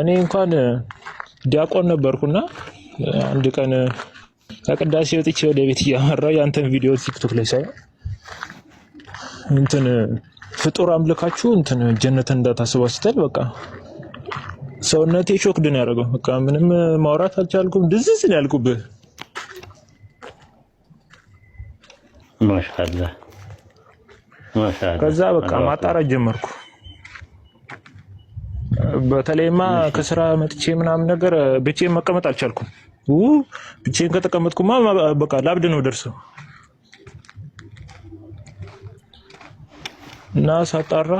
እኔ እንኳን ዲያቆን ነበርኩና አንድ ቀን ከቅዳሴ ወጥቼ ወደ ቤት እያመራሁ ያንተን ቪዲዮ ቲክቶክ ላይ ሳይ እንትን ፍጡር አምልካችሁ እንትን ጀነት ጀነትን እንዳታስባስተል በቃ ሰውነቴ ሾክድ ድን ያደረገው። በቃ ምንም ማውራት አልቻልኩም። ድዝዝ ነው ያልኩብህ። ማሻአላ ማሻአላ። ከዛ በቃ ማጣራት ጀመርኩ። በተለይማ ከስራ መጥቼ ምናምን ነገር ብቼን መቀመጥ አልቻልኩም። ብቼን ከተቀመጥኩማ በቃ ላብድ ነው ደርሰው እና ሳጣራ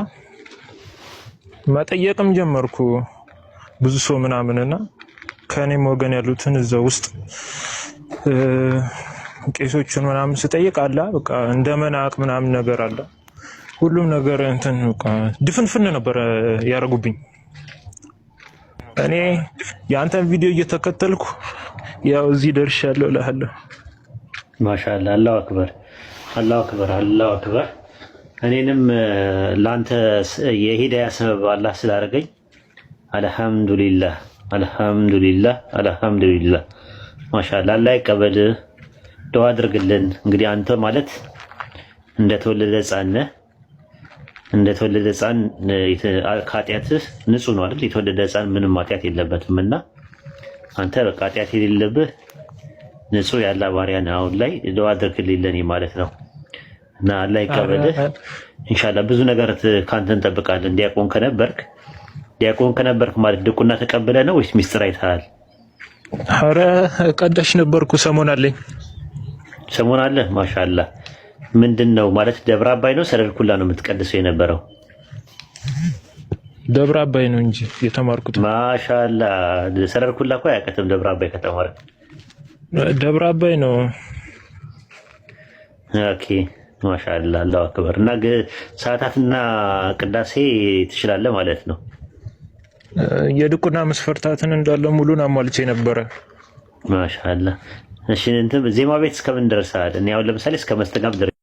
መጠየቅም ጀመርኩ ብዙ ሰው ምናምን እና ከእኔም ወገን ያሉትን እዛ ውስጥ ቄሶቹን ምናምን ስጠይቅ አለ በቃ እንደ መናቅ ምናምን ነገር አለ። ሁሉም ነገር እንትን ድፍንፍን ነበር ያደረጉብኝ። እኔ የአንተን ቪዲዮ እየተከተልኩ ያው እዚህ ደርሻለሁ እልሃለሁ። ማሻአላ አላሁ አክበር፣ አላሁ አክበር፣ አላሁ አክበር። እኔንም ለአንተ የሂዳያ ሰበብ አላህ ስላደረገኝ አልሐምዱሊላህ፣ አልሐምዱሊላህ፣ አልሐምዱሊላህ። ማሻአላ አላህ ይቀበል። ዱዓ አድርግልን። እንግዲህ አንተ ማለት እንደተወለደ ህጻን ነህ እንደተወለደ ህፃን ከኃጢአትህ ንጹህ ነው አይደል? የተወለደ ህፃን ምንም ኃጢአት የለበትም እና አንተ በቃ ኃጢአት የሌለብህ ንጹህ ያለ ባሪያን አሁን ላይ ዱዓ አድርግልኝ ማለት ነው። እና አላ ይቀበልህ እንሻላ ብዙ ነገር ከአንተ እንጠብቃለን። ዲያቆን ከነበርክ ዲያቆን ከነበርክ ማለት ድቁና ተቀብለህ ነው ወይስ ሚስጥር አይተሃል? ኧረ ቀዳሽ ነበርኩ። ሰሞን አለኝ። ሰሞን አለ ማሻአላህ ምንድን ነው ማለት ደብረ አባይ ነው ሰደድ ኩላ ነው የምትቀድሰው የነበረው? ደብረ አባይ ነው እንጂ የተማርኩት። ማሻላ ሰደድ ኩላ እኮ አያውቅም። ደብረ አባይ ከተማረ ደብረ አባይ ነው። ኦኬ ማሻላ አላሁ አክበር። እና ሰዓታትና ቅዳሴ ትችላለህ ማለት ነው? የድቁና መስፈርታትን እንዳለ ሙሉን አሟልቼ ነበረ። ማሻላ እሺ እንትን ዜማ ቤት እስከምን ድረስ አለ? እኔ አሁን ለምሳሌ እስከ መስተጋብ ድረስ